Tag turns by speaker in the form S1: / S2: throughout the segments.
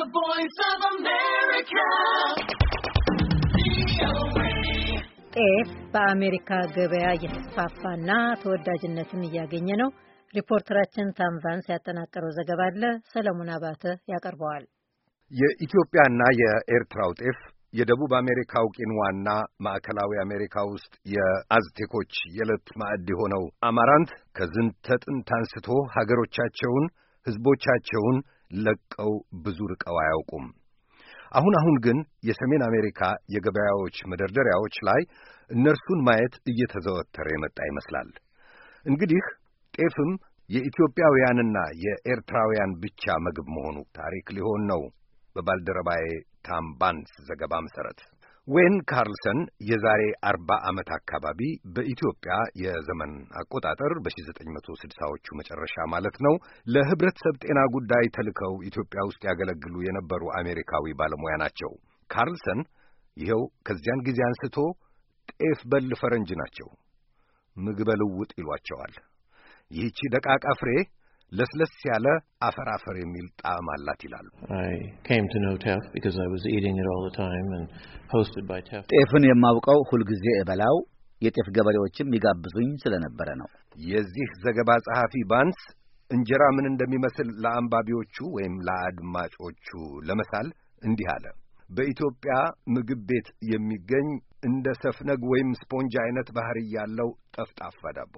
S1: The Voice of America. ጤፍ በአሜሪካ ገበያ እየተስፋፋና ተወዳጅነትን እያገኘ ነው። ሪፖርተራችን ታምቫንስ ያጠናቀረው ዘገባ አለ። ሰለሞን አባተ ያቀርበዋል። የኢትዮጵያና የኤርትራው ጤፍ የደቡብ አሜሪካው ቂንዋና ማዕከላዊ አሜሪካ ውስጥ የአዝቴኮች የዕለት ማዕድ የሆነው አማራንት ከዝንተ ጥንት አንስቶ ሀገሮቻቸውን፣ ህዝቦቻቸውን ። ለቀው ብዙ ርቀው አያውቁም። አሁን አሁን ግን የሰሜን አሜሪካ የገበያዎች መደርደሪያዎች ላይ እነርሱን ማየት እየተዘወተረ የመጣ ይመስላል። እንግዲህ ጤፍም የኢትዮጵያውያንና የኤርትራውያን ብቻ ምግብ መሆኑ ታሪክ ሊሆን ነው በባልደረባዬ ታምባንስ ዘገባ መሠረት ዌን ካርልሰን የዛሬ አርባ ዓመት አካባቢ በኢትዮጵያ የዘመን አቆጣጠር በ1960ዎቹ መጨረሻ ማለት ነው ለሕብረተሰብ ጤና ጉዳይ ተልከው ኢትዮጵያ ውስጥ ያገለግሉ የነበሩ አሜሪካዊ ባለሙያ ናቸው። ካርልሰን ይኸው ከዚያን ጊዜ አንስቶ ጤፍ በል ፈረንጅ ናቸው። ምግበ ልውጥ ይሏቸዋል። ይህቺ ደቃቃ ፍሬ ለስለስ ያለ አፈር አፈር የሚል ጣዕም አላት ይላሉ። ጤፍን የማውቀው ሁልጊዜ እበላው የጤፍ ገበሬዎችም ይጋብዙኝ ስለነበረ ነው። የዚህ ዘገባ ጸሐፊ ባንስ እንጀራ ምን እንደሚመስል ለአንባቢዎቹ ወይም ለአድማጮቹ ለመሳል እንዲህ አለ። በኢትዮጵያ ምግብ ቤት የሚገኝ እንደ ሰፍነግ ወይም ስፖንጅ አይነት ባህሪ ያለው ጠፍጣፋ ዳቦ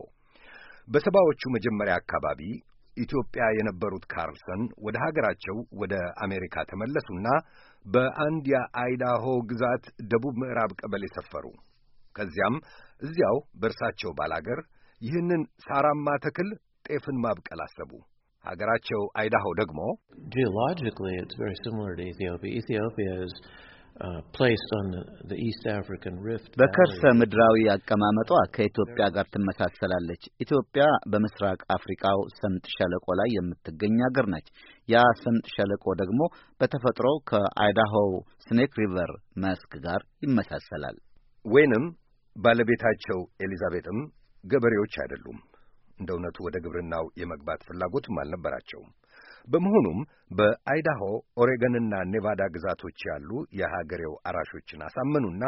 S1: በሰባዎቹ መጀመሪያ አካባቢ ኢትዮጵያ የነበሩት ካርልሰን ወደ ሀገራቸው ወደ አሜሪካ ተመለሱና በአንድ የአይዳሆ ግዛት ደቡብ ምዕራብ ቀበሌ ሰፈሩ። ከዚያም እዚያው በእርሳቸው ባላገር ይህንን ሳራማ ተክል ጤፍን ማብቀል አሰቡ። ሀገራቸው አይዳሆ ደግሞ ጂኦሎጂካሊ ኢትስ ቨሪ ሲሚላር ቱ ኢትዮጵያ ኢትዮጵያ ኢዝ Uh, በከርሰ ምድራዊ አቀማመጧ ከኢትዮጵያ ጋር ትመሳሰላለች። ኢትዮጵያ በምስራቅ አፍሪካው ሰምጥ ሸለቆ ላይ የምትገኝ አገር ነች። ያ ሰምጥ ሸለቆ ደግሞ በተፈጥሮ ከአይዳሆ ስኔክ ሪቨር መስክ ጋር ይመሳሰላል። ወይንም ባለቤታቸው ኤሊዛቤትም ገበሬዎች አይደሉም። እንደ እውነቱ ወደ ግብርናው የመግባት ፍላጎትም አልነበራቸውም። በመሆኑም በአይዳሆ ኦሬገንና ኔቫዳ ግዛቶች ያሉ የሀገሬው አራሾችን አሳመኑና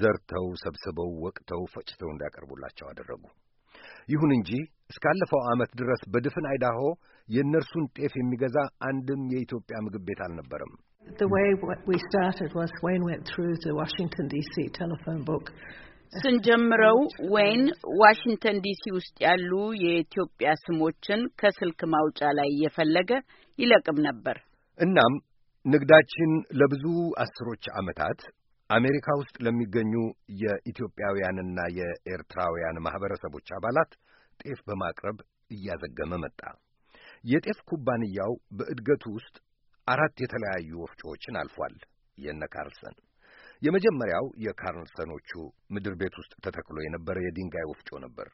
S1: ዘርተው ሰብስበው ወቅተው ፈጭተው እንዲያቀርቡላቸው አደረጉ። ይሁን እንጂ እስካለፈው ዓመት ድረስ በድፍን አይዳሆ የእነርሱን ጤፍ የሚገዛ አንድም የኢትዮጵያ ምግብ ቤት አልነበረም። The way we started was Wayne went through the Washington, D.C. telephone book ስንጀምረው ወይን ዋሽንግተን ዲሲ ውስጥ ያሉ የኢትዮጵያ ስሞችን ከስልክ ማውጫ ላይ እየፈለገ ይለቅም ነበር። እናም ንግዳችን ለብዙ አስሮች ዓመታት አሜሪካ ውስጥ ለሚገኙ የኢትዮጵያውያንና የኤርትራውያን ማኅበረሰቦች አባላት ጤፍ በማቅረብ እያዘገመ መጣ። የጤፍ ኩባንያው በእድገቱ ውስጥ አራት የተለያዩ ወፍጮዎችን አልፏል። የነ ካርልሰን የመጀመሪያው የካርልሰኖቹ ምድር ቤት ውስጥ ተተክሎ የነበረ የድንጋይ ወፍጮ ነበር።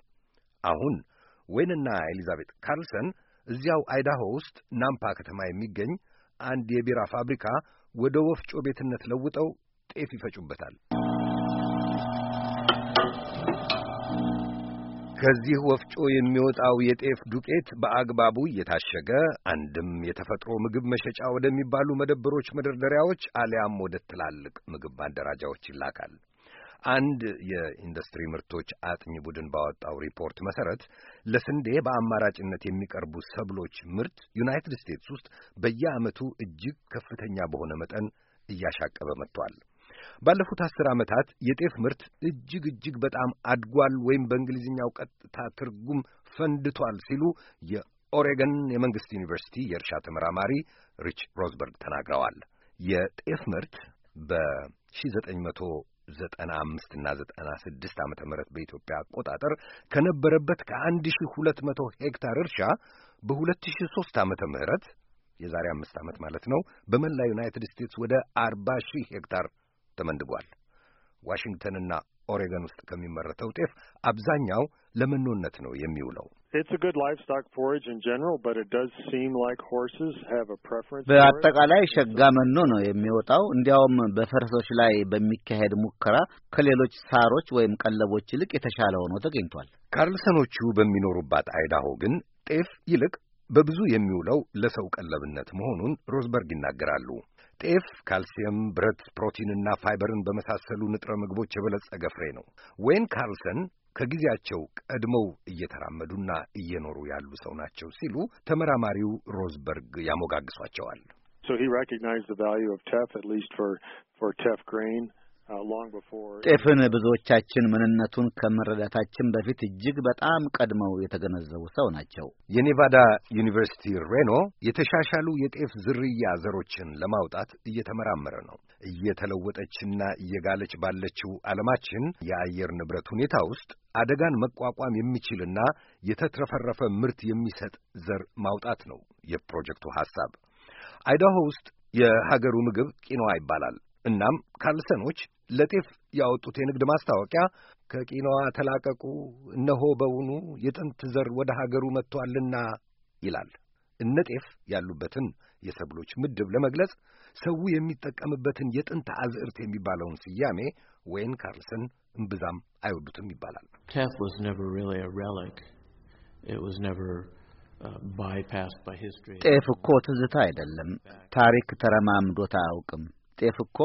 S1: አሁን ወይንና ኤሊዛቤት ካርልሰን እዚያው አይዳሆ ውስጥ ናምፓ ከተማ የሚገኝ አንድ የቢራ ፋብሪካ ወደ ወፍጮ ቤትነት ለውጠው ጤፍ ይፈጩበታል። ከዚህ ወፍጮ የሚወጣው የጤፍ ዱቄት በአግባቡ እየታሸገ አንድም የተፈጥሮ ምግብ መሸጫ ወደሚባሉ መደብሮች መደርደሪያዎች አሊያም ወደ ትላልቅ ምግብ ማደራጃዎች ይላካል። አንድ የኢንዱስትሪ ምርቶች አጥኚ ቡድን ባወጣው ሪፖርት መሰረት ለስንዴ በአማራጭነት የሚቀርቡ ሰብሎች ምርት ዩናይትድ ስቴትስ ውስጥ በየዓመቱ እጅግ ከፍተኛ በሆነ መጠን እያሻቀበ መጥቷል። ባለፉት አስር ዓመታት የጤፍ ምርት እጅግ እጅግ በጣም አድጓል ወይም በእንግሊዝኛው ቀጥታ ትርጉም ፈንድቷል ሲሉ የኦሬገን የመንግሥት ዩኒቨርሲቲ የእርሻ ተመራማሪ ሪች ሮዝበርግ ተናግረዋል። የጤፍ ምርት በ1995 እና 96 ዓመተ ምህረት በኢትዮጵያ አቆጣጠር ከነበረበት ከ1200 ሄክታር እርሻ በ2003 ዓመተ ምህረት የዛሬ አምስት ዓመት ማለት ነው በመላ ዩናይትድ ስቴትስ ወደ 40 ሺህ ሄክታር ተመንድቧል። ዋሽንግተንና ኦሬገን ውስጥ ከሚመረተው ጤፍ አብዛኛው ለመኖነት ነው የሚውለው። በአጠቃላይ ሸጋ መኖ ነው የሚወጣው። እንዲያውም በፈረሶች ላይ በሚካሄድ ሙከራ ከሌሎች ሳሮች ወይም ቀለቦች ይልቅ የተሻለ ሆኖ ተገኝቷል። ካርልሰኖቹ በሚኖሩባት አይዳሆ ግን ጤፍ ይልቅ በብዙ የሚውለው ለሰው ቀለብነት መሆኑን ሮዝበርግ ይናገራሉ። ጤፍ ካልሲየም፣ ብረት፣ ፕሮቲንና ፋይበርን በመሳሰሉ ንጥረ ምግቦች የበለጸገ ፍሬ ነው። ወይን ካርልሰን ከጊዜያቸው ቀድመው እየተራመዱና እየኖሩ ያሉ ሰው ናቸው ሲሉ ተመራማሪው ሮዝበርግ ያሞጋግሷቸዋል። So he recognized the value of TEF, at least for, for TEF grain. Uh, ጤፍን ብዙዎቻችን ምንነቱን ከመረዳታችን በፊት እጅግ በጣም ቀድመው የተገነዘቡ ሰው ናቸው። የኔቫዳ ዩኒቨርሲቲ ሬኖ የተሻሻሉ የጤፍ ዝርያ ዘሮችን ለማውጣት እየተመራመረ ነው። እየተለወጠችና እየጋለች ባለችው ዓለማችን የአየር ንብረት ሁኔታ ውስጥ አደጋን መቋቋም የሚችልና የተትረፈረፈ ምርት የሚሰጥ ዘር ማውጣት ነው የፕሮጀክቱ ሐሳብ። አይዳሆ ውስጥ የሀገሩ ምግብ ቂኖዋ ይባላል። እናም ካርልሰኖች ለጤፍ ያወጡት የንግድ ማስታወቂያ ከቂናዋ ተላቀቁ፣ እነሆ በውኑ የጥንት ዘር ወደ ሀገሩ መጥቶአልና ይላል። እነ ጤፍ ያሉበትን የሰብሎች ምድብ ለመግለጽ ሰው የሚጠቀምበትን የጥንት አዝዕርት የሚባለውን ስያሜ ወይን ካርልሰን እምብዛም አይወዱትም ይባላል። uh, ጤፍ እኮ ትዝታ አይደለም፣ ታሪክ ተረማምዶት አያውቅም። ጤፍ እኮ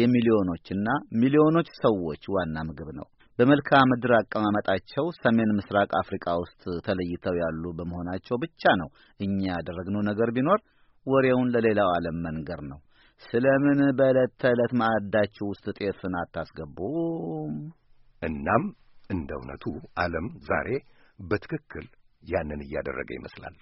S1: የሚሊዮኖችና ሚሊዮኖች ሰዎች ዋና ምግብ ነው። በመልክዓ ምድር አቀማመጣቸው ሰሜን ምስራቅ አፍሪካ ውስጥ ተለይተው ያሉ በመሆናቸው ብቻ ነው እኛ ያደረግነው ነገር ቢኖር ወሬውን ለሌላው ዓለም መንገር ነው። ስለምን በዕለት ተዕለት ማዕዳችሁ ውስጥ ጤፍን አታስገቡም? እናም እንደ እውነቱ ዓለም ዛሬ በትክክል ያንን እያደረገ ይመስላል።